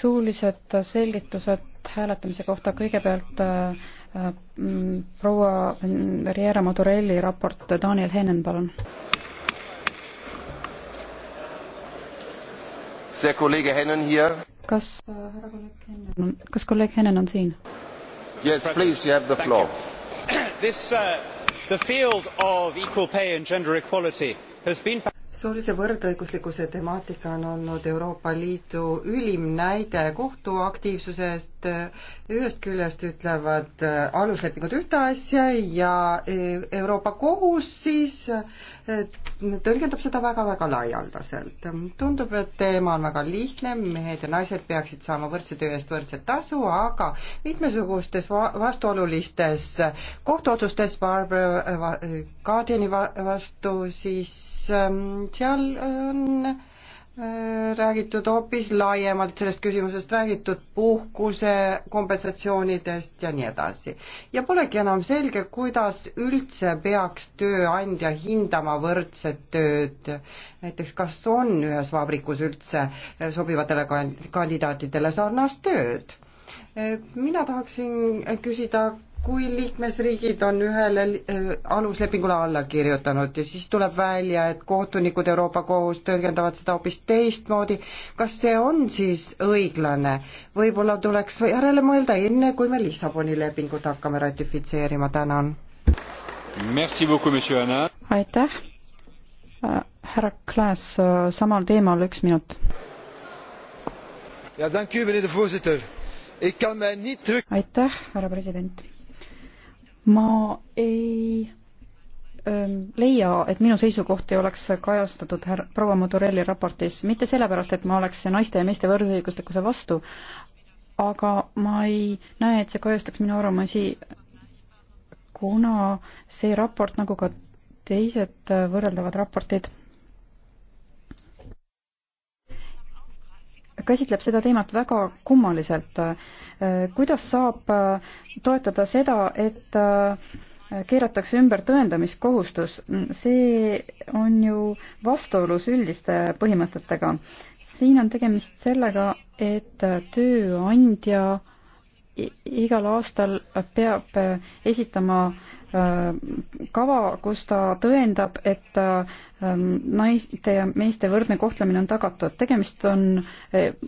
suulised selgitused hääletamise kohta kõigepealt äh, äh, proua Riera Madurelli raport, Daniel Hennen, palun. see kolleeg Hennen hier. kas äh, härra äh, kolleeg Hennen on, kas kolleeg Hennen on siin? Yes, please, you have the floor. This uh, the field of equal pay and gender equality has been soolise võrdõiguslikkuse temaatika on olnud Euroopa Liidu ülim näide kohtuaktiivsusest. ühest küljest ütlevad äh, aluslepingud ühte asja ja äh, Euroopa Kohus siis äh, tõlgendab seda väga-väga laialdaselt. tundub, et teema on väga lihtne, mehed ja naised peaksid saama võrdse töö eest võrdset tasu, aga mitmesugustes vastuolulistes kohtuotsustes Barbara Guardiani vastu siis ähm, seal äh, on äh, räägitud hoopis laiemalt sellest küsimusest, räägitud puhkuse kompensatsioonidest ja nii edasi. ja polegi enam selge, kuidas üldse peaks tööandja hindama võrdset tööd. näiteks kas on ühes vabrikus üldse äh, sobivatele kandidaatidele sarnast tööd? mina tahaksin küsida, kui liikmesriigid on ühele äh, aluslepingule alla kirjutanud ja siis tuleb välja, et kohtunikud Euroopa Kohus tõlgendavad seda hoopis teistmoodi, kas see on siis õiglane? võib-olla tuleks või järele mõelda enne, kui me Lissaboni lepingut hakkame ratifitseerima, tänan. aitäh, äh, härra Klaas, äh, samal teemal üks minut. aitäh, härra president ma ei ähm, leia, et minu seisukohti oleks kajastatud härra proua Modurelli raportis, mitte sellepärast, et ma oleks naiste ja meeste võrdõiguslikkuse vastu, aga ma ei näe, et see kajastaks minu arvamusi, kuna see raport, nagu ka teised võrreldavad raportid, käsitleb seda teemat väga kummaliselt. kuidas saab toetada seda, et keeratakse ümber tõendamiskohustus, see on ju vastuolus üldiste põhimõtetega. siin on tegemist sellega, et tööandja igal aastal peab äh, esitama äh, kava, kus ta tõendab, et äh, naiste ja meeste võrdne kohtlemine on tagatud. tegemist on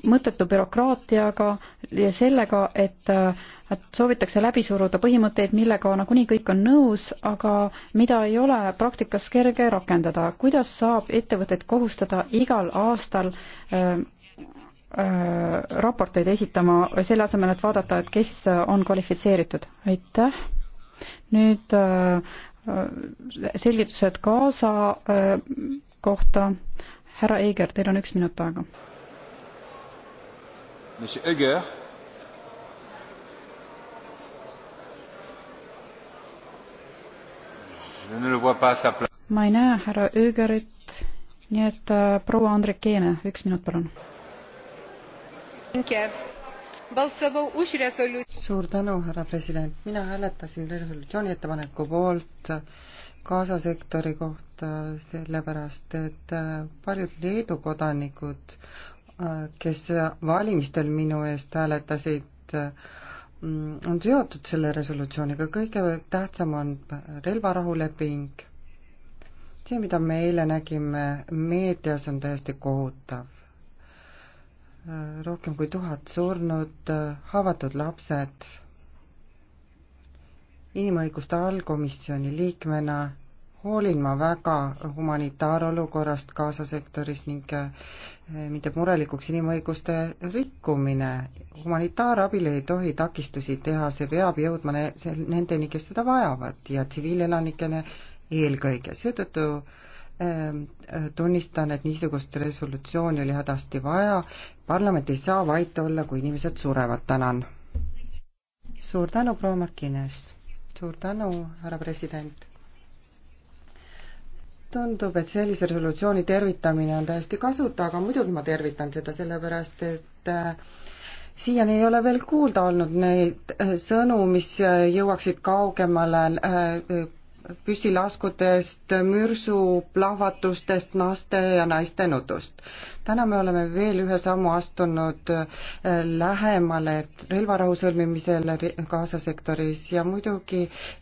mõttetu bürokraatiaga ja sellega, et soovitakse läbi suruda põhimõtteid, millega nagunii kõik on nõus, aga mida ei ole praktikas kerge rakendada. kuidas saab ettevõtteid kohustada igal aastal Äh, raporteid esitama, selle asemel, et vaadata, et kes on kvalifitseeritud. aitäh. nüüd äh, selgitused Gaza äh, kohta. härra Eiger, teil on üks minut aega. Monsieur Eiger. ma ei näe härra Öögerit, nii et proua Andrek Keene, üks minut palun suur tänu, härra president, mina hääletasin resolutsiooni ettepaneku poolt Gaza sektori kohta, sellepärast et paljud Leedu kodanikud, kes valimistel minu eest hääletasid, on seotud selle resolutsiooniga, kõige tähtsam on relvarahuleping. see, mida me eile nägime meedias, on täiesti kohutav. Äh, rohkem kui tuhat surnud, äh, haavatud lapsed. inimõiguste allkomisjoni liikmena hoolin ma väga humanitaarolukorrast Gaza sektoris ning äh, mind teeb murelikuks inimõiguste rikkumine. humanitaarabile ei tohi takistusi teha, see peab jõudma ne-, nendeni, kes seda vajavad ja tsiviilelanikele eelkõige, seetõttu äh, Ehm, eh, tunnistan, et niisugust resolutsiooni oli hädasti vaja, parlament ei saa vait olla, kui inimesed surevad, tänan. suur tänu, proua Markines. suur tänu, härra president tundub, et sellise resolutsiooni tervitamine on täiesti kasuta, aga muidugi ma tervitan seda sellepärast, et eh, siiani ei ole veel kuulda olnud neid eh, sõnu, mis jõuaksid kaugemale püssilaskudest, mürsu plahvatustest, laste ja naiste nutust. täna me oleme veel ühe sammu astunud äh, lähemale relvarahu sõlmimisele Gaza sektoris ja muidugi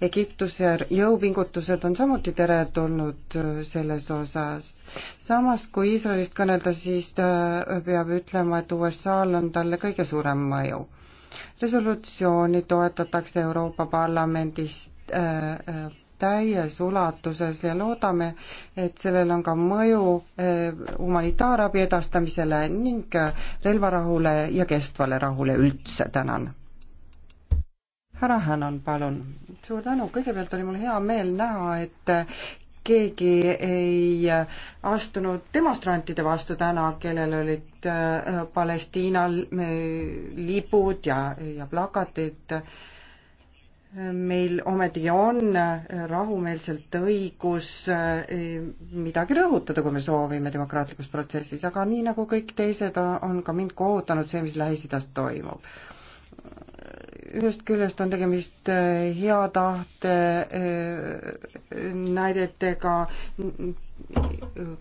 Egiptuse jõupingutused on samuti teretulnud äh, selles osas. samas, kui Iisraelist kõnelda, siis peab ütlema, et USA-l on talle kõige suurem mõju resolutsiooni toetatakse Euroopa Parlamendist äh, äh, täies ulatuses ja loodame, et sellel on ka mõju eh, humanitaarabi edastamisele ning eh, relvarahule ja kestvale rahule üldse, tänan. härra Hänan, palun. suur tänu, kõigepealt oli mul hea meel näha, et eh, keegi ei astunud demonstrantide vastu täna, kellel olid Palestiina lipud ja, ja plakatid äh, meil ometigi on äh, rahumeelselt õigus äh, midagi rõhutada, kui me soovime demokraatlikus protsessis, aga nii nagu kõik teised, on ka mind kohutanud see, mis Lähis-Idas toimub. ühest küljest on tegemist äh, hea tahte näidetega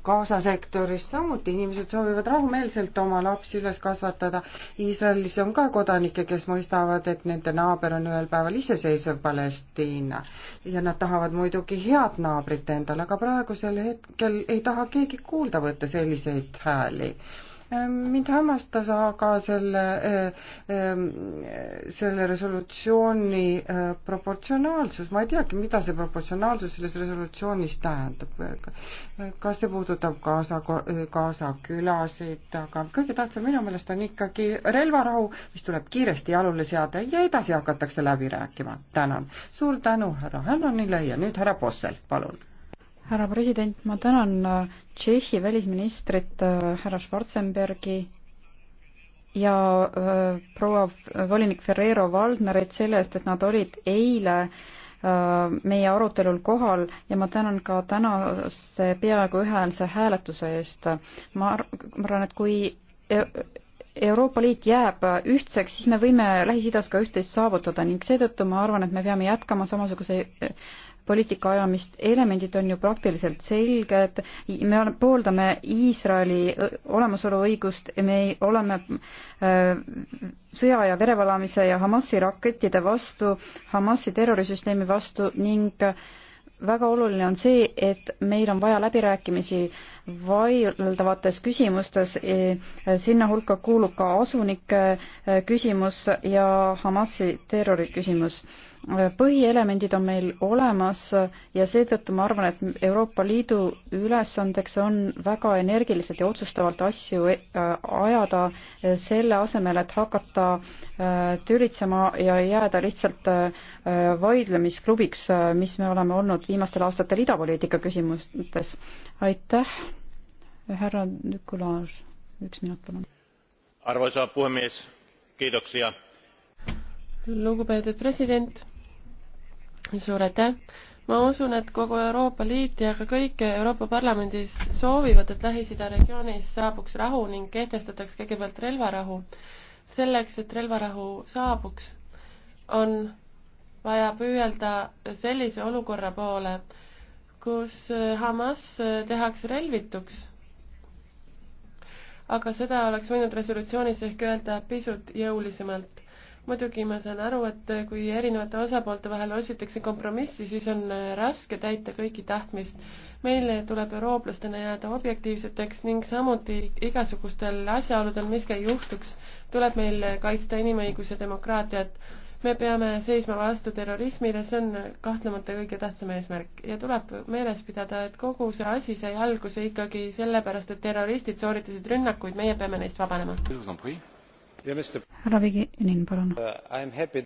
Gaza sektoris samuti inimesed soovivad rahumeelselt oma lapsi üles kasvatada. Iisraelis on ka kodanikke, kes mõistavad, et nende naaber on ühel päeval iseseisev Palestiina ja nad tahavad muidugi head naabrit endale, aga praegusel hetkel ei taha keegi kuulda võtta selliseid hääli Ehm, mind hämmastas aga selle, eh, ehm, selle resolutsiooni eh, proportsionaalsus, ma ei teagi, mida see proportsionaalsus selles resolutsioonis tähendab. Eh, kas see puudutab Gaza, Gaza külasid, aga kõige tähtsam minu meelest on ikkagi relvarahu, mis tuleb kiiresti jalule seada ja edasi hakatakse läbi rääkima. tänan. suur tänu härra Hannonile ja nüüd härra Possel, palun härra president, ma tänan äh, Tšehhi välisministrit äh, härra Schwarzenbergi ja äh, proua volinik Ferrero Valdnerit selle eest, et nad olid eile äh, meie arutelul kohal ja ma tänan ka tänase peaaegu ühehäälse hääletuse eest. ma arvan, et kui e-, Euroopa Liit jääb ühtseks, siis me võime Lähis-Idas ka üht-teist saavutada ning seetõttu ma arvan, et me peame jätkama samasuguse poliitika ajamist, elemendid on ju praktiliselt selged, me pooldame Iisraeli olemasoluõigust, me oleme sõja ja verevalamise ja Hamasi rakettide vastu, Hamasi terrorisüsteemi vastu ning väga oluline on see, et meil on vaja läbirääkimisi vaieldavates küsimustes, e, e, sinna hulka kuulub ka asunike e, küsimus ja Hamasi terroriküsimus põhielemendid on meil olemas ja seetõttu ma arvan, et Euroopa Liidu ülesandeks on väga energiliselt ja otsustavalt asju eh, ajada, eh, selle asemel, et hakata eh, tülitsema ja jääda lihtsalt vaidlemisklubiks, mis me oleme olnud viimastel aastatel idapoliitika küsimustes. aitäh, härra Nükulaar, üks minut palun. arvoisa puhemees, kiitoksia. lugupeetud president suur aitäh! ma usun, et kogu Euroopa Liit ja ka kõik Euroopa Parlamendis soovivad, et Lähis-Ida regioonis saabuks rahu ning kehtestataks kõigepealt relvarahu. selleks, et relvarahu saabuks, on vaja püüelda sellise olukorra poole, kus Hamas tehakse relvituks. aga seda oleks võinud resolutsioonis ehk öelda pisut jõulisemalt muidugi ma saan aru, et kui erinevate osapoolte vahel otsitakse kompromissi, siis on äh, raske täita kõiki tahtmist. meile tuleb eurooplastena jääda objektiivseteks ning samuti igasugustel asjaoludel, mis ka ei juhtuks, tuleb meil kaitsta inimõigusi ja demokraatiat. me peame seisma vastu terrorismile, see on kahtlemata kõige tähtsam eesmärk ja tuleb meeles pidada, et kogu see asi sai alguse ikkagi sellepärast, et terroristid sooritasid rünnakuid, meie peame neist vabanema härra Viginin, palun. Uh,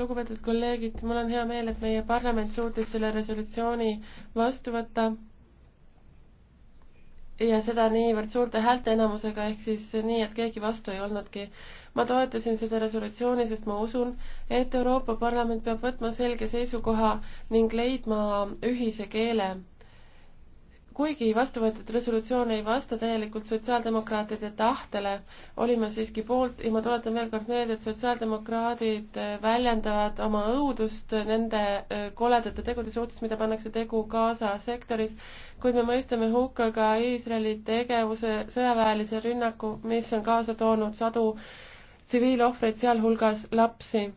lugupeetud kolleegid, mul on hea meel, et meie parlament suutis selle resolutsiooni vastu võtta ja seda niivõrd suurte häälteenamusega, ehk siis nii, et keegi vastu ei olnudki. ma toetasin seda resolutsiooni, sest ma usun, et Euroopa Parlament peab võtma selge seisukoha ning leidma ühise keele kuigi vastu võetud resolutsioon ei vasta täielikult sotsiaaldemokraatide tahtele, olin ma siiski poolt ja ma tuletan veel kord meelde, et sotsiaaldemokraadid äh, väljendavad oma õudust nende äh, koledate tegude suhtes, mida pannakse tegu Gaza sektoris, kuid me mõistame hukka ka Iisraeli tegevuse sõjaväelise rünnaku, mis on kaasa toonud sadu tsiviilohvreid, sealhulgas lapsi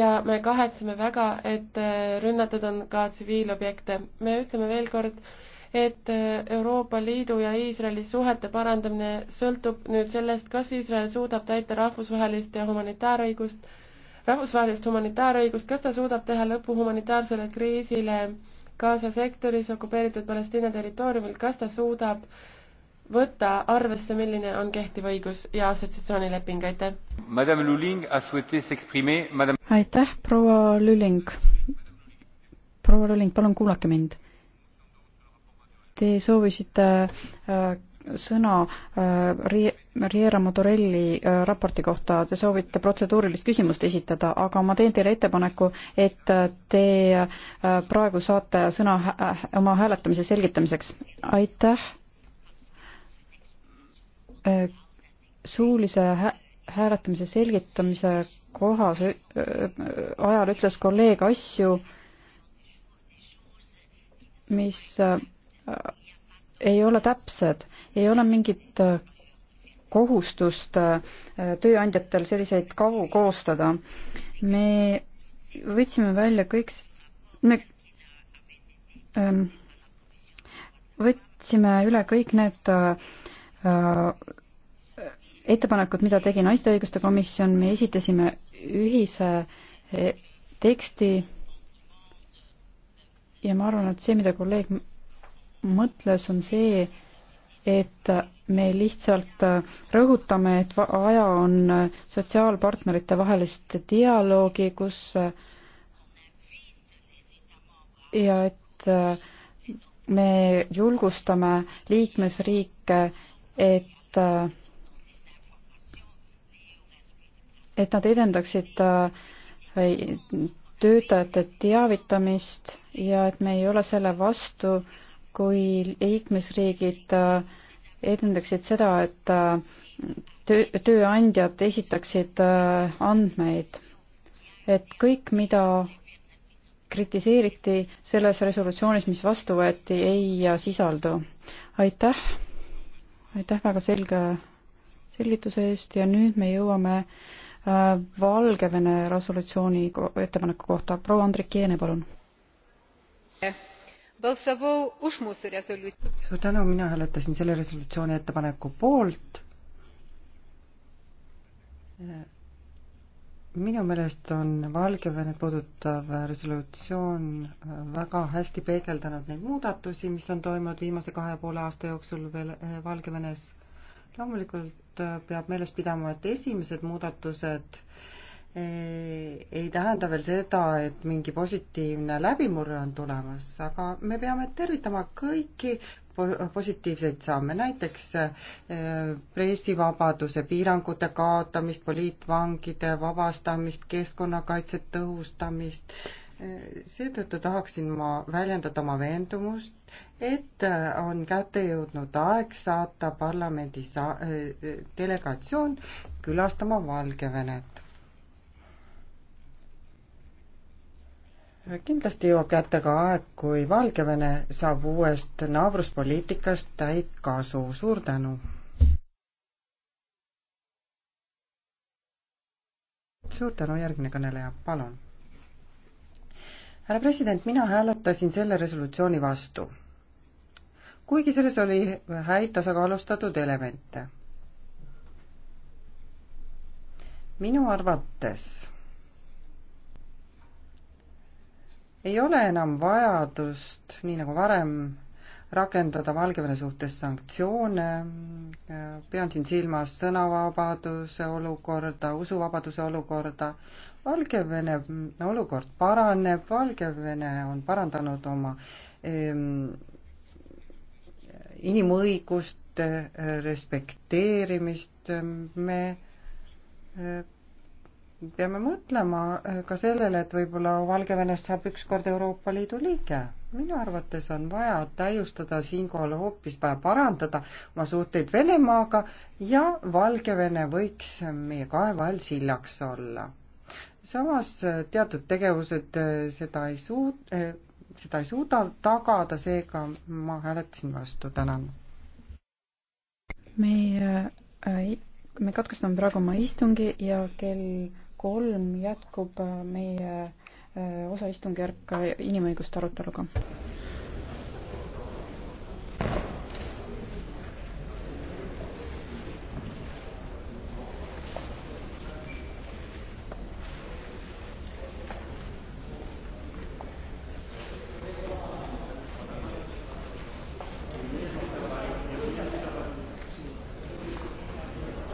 ja me kahetseme väga, et äh, rünnatud on ka tsiviilobjekte. me ütleme veel kord, et äh, Euroopa Liidu ja Iisraeli suhete parandamine sõltub nüüd sellest, kas Iisrael suudab täita rahvusvahelist ja humanitaarõigust, rahvusvahelist humanitaarõigust, kas ta suudab teha lõpu humanitaarsele kriisile Gaza sektoris okupeeritud Palestiina territooriumil, kas ta suudab võtta arvesse, milline on kehtiv õigus ja assotsiatsioonileping, aitäh. aitäh, proua Lüling. proua Lüling, palun kuulake mind Te soovisite äh, sõna äh, Riera Madurelli äh, raporti kohta, te soovite protseduurilist küsimust esitada, aga ma teen teile ettepaneku, et te praegu saate sõna oma hääletamise selgitamiseks. aitäh suulise hä hääletamise selgitamise kohas ajal ütles kolleeg asju, mis ei ole täpsed, ei ole mingit äh, kohustust äh, tööandjatel selliseid kavu koostada. me võtsime välja kõik, me ähm, võtsime üle kõik need äh, ettepanekud, mida tegi Naiste Õiguste Komisjon, me esitasime ühise teksti ja ma arvan, et see, mida kolleeg mõtles, on see, et me lihtsalt rõhutame, et vaja on sotsiaalpartnerite vahelist dialoogi, kus ja et me julgustame liikmesriike, et et nad edendaksid töötajate teavitamist ja et me ei ole selle vastu äh, kui liikmesriigid äh, edendaksid seda, et äh, töö, tööandjad esitaksid äh, andmeid, et kõik, mida kritiseeriti selles resolutsioonis, mis vastu võeti, ei sisaldu. aitäh, aitäh väga selge selgituse eest ja nüüd me jõuame äh, Valgevene resolutsiooni ettepaneku kohta. proua Andrik Jeene, palun yeah balsavau už mūsų rezoliuciją. suur tänu, mina hääletasin selle resolutsiooni ettepaneku poolt. minu meelest on Valgevene puudutav resolutsioon väga hästi peegeldanud neid muudatusi, mis on toimunud viimase kahe ja poole aasta jooksul veel eh, Valgevenes. loomulikult eh, peab meeles pidama, et esimesed muudatused äh, ei tähenda veel seda, et mingi positiivne läbimurre on tulemas, aga me peame tervitama kõiki positiivseid samme, näiteks eh, pressivabaduse piirangute kaotamist, poliitvangide vabastamist, keskkonnakaitse tõhustamist. Eh, seetõttu tahaksin ma väljendada oma veendumust, et on kätte jõudnud aeg saata parlamendi eh, delegatsioon külastama Valgevenet kindlasti jõuab kätte ka aeg, kui Valgevene saab uuest naabruspoliitikast täit kasu. suur tänu! suur tänu, järgmine kõneleja, palun. härra president, mina hääletasin selle resolutsiooni vastu. kuigi selles oli häid tasakaalustatud elemente. minu arvates ei ole enam vajadust, nii nagu varem, rakendada Valgevene suhtes sanktsioone, pean siin silmas sõnavabaduse olukorda, usuvabaduse olukorda, Valgevene olukord paraneb, Valgevene on parandanud oma ehm, inimõiguste respekteerimist, me peame mõtlema eh, ka sellele, et võib-olla Valgevenest saab ükskord Euroopa Liidu liige. minu arvates on vaja täiustada siinkohal hoopis, vaja parandada oma suhteid Venemaaga ja Valgevene võiks meie kahe vahel sillaks olla. samas eh, teatud tegevused eh, seda ei suud-, seda ei suuda tagada, seega ma hääletasin vastu, tänan. meie me katkestame praegu oma istungi ja kell kolm jätkub äh, meie äh, osaistungjärk äh, inimõiguste aruteluga.